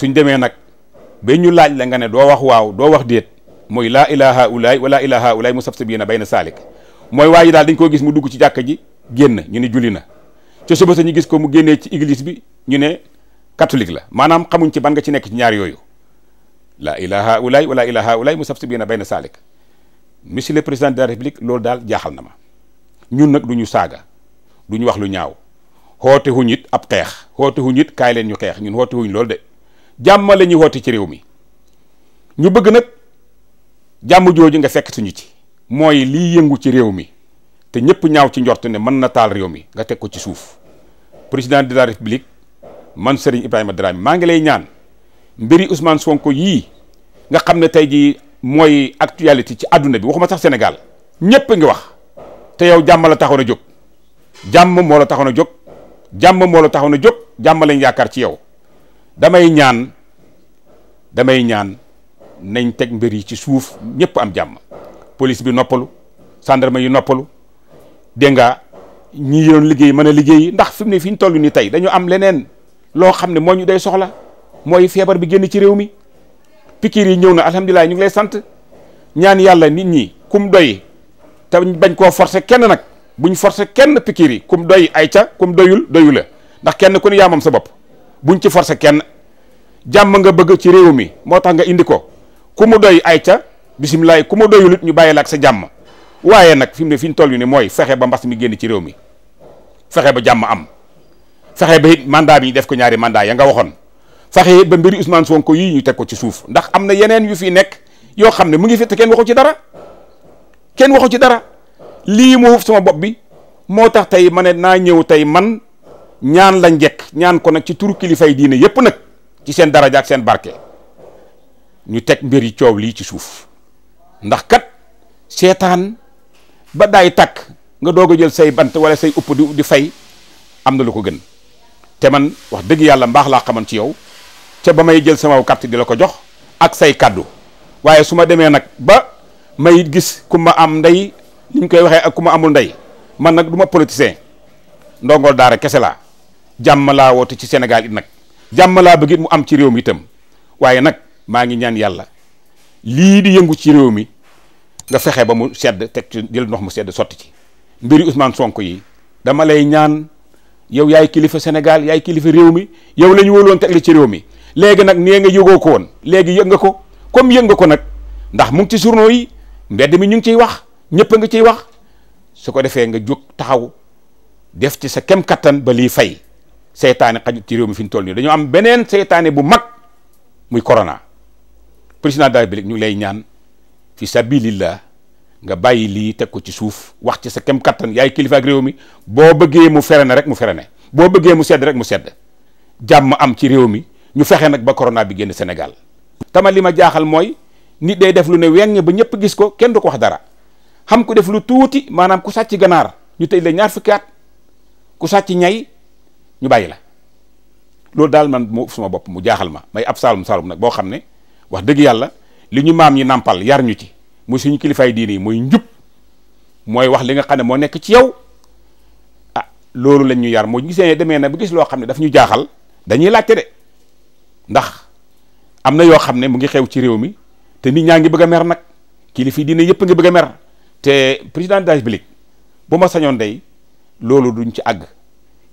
suñ demee nag ba ñu laaj la nga ne doo wax waaw doo wax déet mooy laa ilaha ulaay wala ilaha ulaay mu saf sa bii na bay na saalik mooy waa daal dañ koo gis mu dugg ci jàkka ji génn ñu ne julli na ca suba sa ñu gis ko mu génnee ci église bi ñu ne catholique la maanaam xamuñ ci ban nga ci nekk ci ñaar yooyu laa ilaha ulaay wala ilaha ulaay mu saf sa bii na bay na saalik le président de la république loolu daal jaaxal na ma ñun nag du ñu saaga du ñu wax lu ñaaw xoote wuñ it ab xeex xoote wuñ it kaay leen ñu xeex ñun xoote loolu de jàmm la ñuy woote ci réew mi ñu bëgg nag jàmm jooju nga fekk suñu ci mooy liy yëngu ci réew mi te ñëpp ñaaw ci njort ne mën na taal réew mi nga teg ko ci suuf président de la république man Serigne Ibrahima Dramé maa ngi lay ñaan mbiri Ousmane Sonko yii nga xam ne tey jii mooy actualité ci àdduna bi waxuma sax senegal ñëpp ngi wax te yow jàmm la taxoon a jóg jàmm moo la taxoon a jóg jàmm moo la taxoon a jóg lañ yaakaar ci yow. damay ñaan damay ñaan nañ teg mbir yi ci suuf ñëpp am jàmm police bi noppalu gendarme yi noppalu dégg nga ñi yoon liggéey mën a liggéey ndax fi mu ne fi ñu toll nii tey dañu am leneen loo xam ne moo ñu day soxla mooy feebar bi génn ci réew mi pikiir yi ñëw na alhamdulilah ñu ngi lay sant ñaan yàlla nit ñi kum doy te bañ koo forcer kenn nag buñ forse kenn pikiir yi kum doy ay ca kum doyul doyu la ndax kenn ku ne sa bopp buñ ci forcer kenn jàmm nga bëgg ci réew mi moo tax nga indi ko ku mu doy ay ca bisimilah ku mu doyul it ñu bàyyi la ak sa jàmm waaye nag fi mu ne fi ñu yu nii mooy fexe ba mbas mi génn ci réew mi fexe ba jàmm am fexe ba it mandat bi ñu def ko ñaari mandaa ya nga waxoon fexe ba mbiri Ousmane Sonko yii ñu teg ko ci suuf ndax am na yeneen yu fi nekk yoo xam ne mu ngi fi kenn waxu ci dara kenn waxu ci dara lii moo wëf sama bopp bi moo tax tey ma ne naa ñëw tey man ñaan la njëkk ñaan ko nag ci turu kilifay diine yépp nag. ci seen daraja ak seen barke ñu teg mbir yi coow lii ci suuf ndax kat seetaan ba day takk nga doog a jël say bant wala say upp di di fay am na lu ko gën te man wax dëgg yàlla mbaax laa xamoon ci yow ca ba may jël sama carte di la ko jox ak say kàddu waaye su ma demee nag ba may gis ku ma am ndey ni koy waxee ak ku ma amul ndey man nag du ma politicien ndongool daara kese laa jàmm laa woote ci Sénégal it nag jàmm laa bëgg mu am ci réew mi itam waaye nag maa ngi ñaan yàlla lii di yëngu ci réew mi nga fexe ba mu sedd teg jël ndox mu sedd sotti ci mbiri Ousmane Sonko yi dama lay ñaan yow yaay kilifa Sénégal yaay kilifa réew mi yow la ñu wóoloon teg ci réew mi léegi nag nee nga yëgoo ko woon léegi yëg nga ko comme yëg nga ko nag ndax mu ngi ci journaux yi mbedd mi ñu ngi ciy wax ñëpp a nga ciy wax su ko defee nga jóg taxaw def ci sa kem kattan ba lii fay seytaane xajut ci réew mi fi ñu toll nii dañoo am beneen seytaane bu mag muy corona président de bi République ñu lay ñaan fi sabilillah nga bàyyi lii teg ko ci suuf wax ci sa kem kattan yaay kilifa réew mi boo bëggee mu ferene rek mu fere ferene boo bëggee mu sedd rek mu sedd mu am ci réew mi ñu fexe nag ba corona bi génn senegal tama li ma jaaxal mooy nit day def lu ne weng ba ñëpp gis ko kenn du ko wax dara xam ku def lu tuuti maanaam ku sàcc ganaar ñu tëj la ñaar fukki at ku sàcc ñay. ñu bàyyi la loolu daal man moo suma bopp mu jaaxal ma may ab saalum saalum nag boo xam ne wax dëgg yàlla li ñu maam ñi nàmpal yar ñu ci muy suñu kilifaay diine muy njub mooy wax li nga xam ne moo nekk ci yow ah loolu lañ ñu yar moo gisee ne demee na bu gis loo xam ne daf ñu jaaxal dañuy laajte de ndax am na yoo xam ne mu ngi xew ci réew mi te nit ñaa ngi bëgg a mer nag kilifi diine yépp ngi bëgg mer te président bu ma sañoon day loolu duñ ci àgg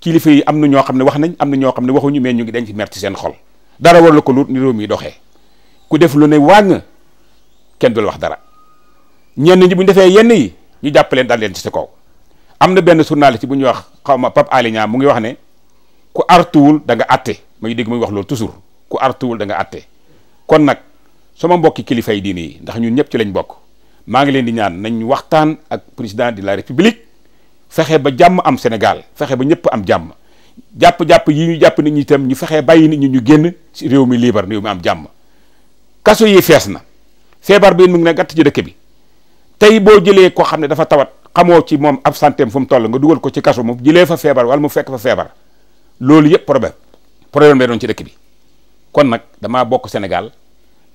kilifa yi am na ñoo xam ne wax nañ am na ñoo xam ne waxuñu mais ñu ngi dañ ci mer ci seen xol dara war la ko lu ni réew mi doxee ku def lu ne wàññi kenn dul wax dara ñenn ñi bu ñu defee yenn yi ñu jàppaleen leen dal leen ci sa kaw am na benn journaliste bu ñuy wax xaw ma Pape mu ngi wax ne ku artuwul da nga atte ma ngi dégg muy wax loolu toujours ku artuwul da nga àtte kon nag sama mbokki kilifa yi diine yi ndax ñun ñëpp ci lañ bokk maa ngi leen di ñaan nañ waxtaan ak président de la fexe ba jàmm am Sénégal fexe ba ñëpp am jàmm jàpp-jàpp yi ñu jàpp nit ñi itam ñu fexe bàyyi nit ñi ñu génn si réew mi liibar réew mi am jàmm kaso yi fees na feebar bi mu ngi ne gatt ci dëkk bi tey boo jëlee koo xam ne dafa tawat xamoo ci moom ab santéem fu mu toll nga dugal ko ci kaso moom jëlee fa feebar wala mu fekk fa feebar loolu yëpp problème problème lay doon ci dëkk bi kon nag damaa bokk Sénégal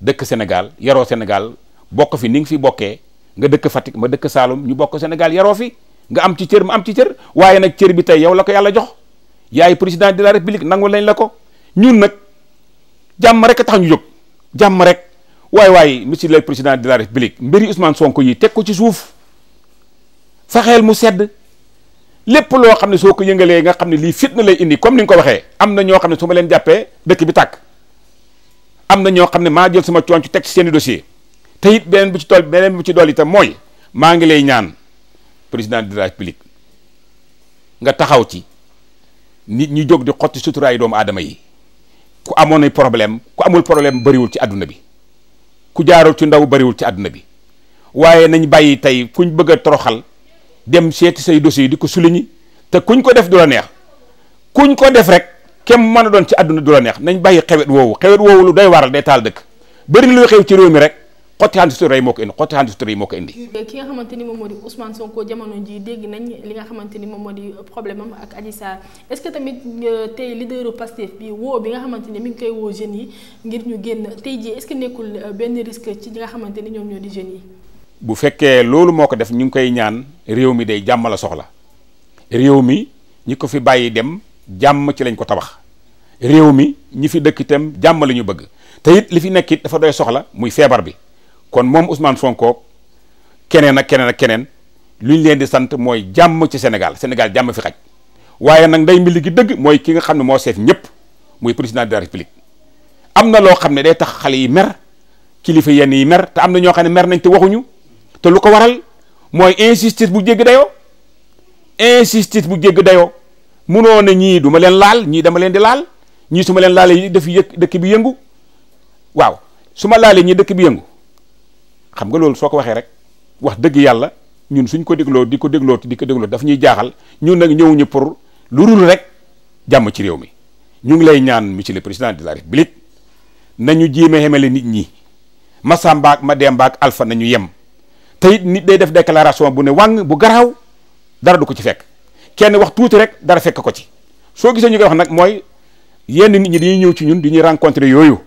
dëkk Sénégal yaroo Sénégal bokk fi ni nga fi bokkee nga dëkk Fatick ma dëkk Saalum ñu bokk Sénégal yaroo fi nga am ci cër ma am ci cër waaye nag cër bi tey yow la ko yàlla jox yaay président de la république nangu lañ la ko ñun nag jàmm rek a tax ñu jóg jàmm rek waaye waaye mu monsieur le président de la république mbiri Ousmane Sonko yi teg ko ci suuf fexeel mu sedd lépp loo xam ne soo ko yëngalee nga xam ne lii na lay indi comme ni nga ko waxee am na ñoo xam ne su ma leen jàppee dëkk bi tàkk am na ñoo xam ne maa jël sama coon teg si seeni i dossier te it beneen bu ci tool beneen bu ci dool itam mooy maa ngi lay ñaan président de la république nga taxaw ci nit ñi jóg di xotti suturaayu doomu aadama yi ku amoon ay problème ku amul problème bariwul ci àdduna bi ku jaarul ci ndaw bariwul ci àdduna bi waaye nañ bàyyi tey kuñ bëgg a toroxal dem seeti say yi di ko souligner te kuñ ko def du la neex kuñ ko def rek kenn mën a doon ci àdduna du la neex nañ bàyyi xewet woowu xewet woowu lu day waral day taal dëkk bëri na luy xew ci réew mi rek xotti handistori moo ko indi xotti handistori moo ko indi. ki nga xamante ni moom moo di Ousmane Sonko jamono ji dégg nañ li nga xamante ni moom moo di problème am ak Adji Sarr est-ce que tamit euh, tey leaderu Pastef bi woo bi nga xamante ni mi ngi koy woo jeunes yi ngir ñu génn tey jii est-ce que nekkul euh, benn risque ci ñi nga xamante ni ñoom ñoo di jeunes yi. bu fekkee loolu moo ko def ñu ngi koy ñaan réew mi day jàmm la soxla réew mi ñi ko fi bàyyi dem jàmm ci lañ ko tabax réew mi ñi fi dëkk itam jàmm la bëgg te it li fi nekk dafa doy soxla muy feebar bi. kon moom Ousmane Sonko keneen ak keneen ak keneen lu ñu leen di sant mooy jàmm ci Sénégal Sénégal jàmm fi xaj waaye nag nday mbili gi dëgg mooy ki nga xam ne moo seef ñëpp muy président de la république am na loo xam ne day tax xale yi mer kilifa yenn yi mer te am na ñoo xam ne mer nañ te waxuñu te lu ko waral mooy injustice bu jégg dayoo injustice bu jégg dayoo munoo na ñii duma leen laal ñii dama leen di laal ñii su ma leen laalee def dëkk bi yëngu waaw su laalee ñii dëkk bi yëngu xam nga loolu soo ko waxee rek wax dëgg yàlla ñun suñ ko dégloo di ko dégloo di ko dégloo daf ñuy jaaxal ñun nag ñëwuñu pour lu rul rek jàmm ci réew mi ñu ngi lay ñaan monsieur le président de la république nañu jéem a xemale nit ñi Masamba ak Mademba ak Alpha ñu yem te it nit day def declaration bu ne wàng bu garaaw dara du ko ci fekk kenn wax tuuti rek dara fekk ko ci soo gisee ñu koy wax nag mooy yenn nit ñi dañuy ñëw ci ñun di ñuy rencontré yooyu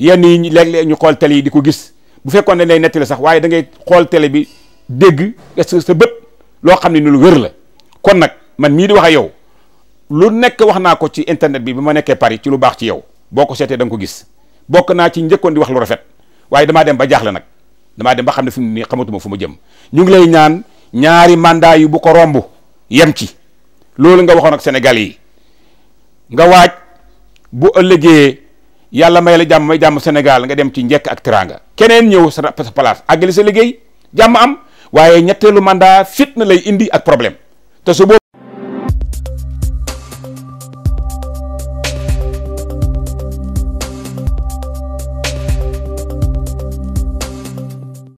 yenn yi léeg-léeg ñu xool tali yi di ko gis bu fekkoon ne day nettali sax waaye da ngay xool tele bi dégg sa bët loo xam ne ni lu wér la kon nag man mii di wax ak yow lu nekk wax naa ko ci internet bi bi ma nekkee Paris ci lu baax ci yow boo ko seetee danga ko gis bokk naa ci njëkkoon di wax lu rafet waaye damaa dem ba jaaxle nag damaa dem ba xam ne fi mu nii xamatuma fu ma jëm ñu ngi lay ñaan ñaari màndaa yu bu ko romb yem ci loolu nga waxoon ak senegal yi nga waaj bu ëllëgee yàlla may la jàmm may jàmm Sénégal nga dem ci njekk ak teraanga keneen ñëw sa place àggali sa liggéey jàmm am waaye ñetteelu mandat na lay indi ak problème te su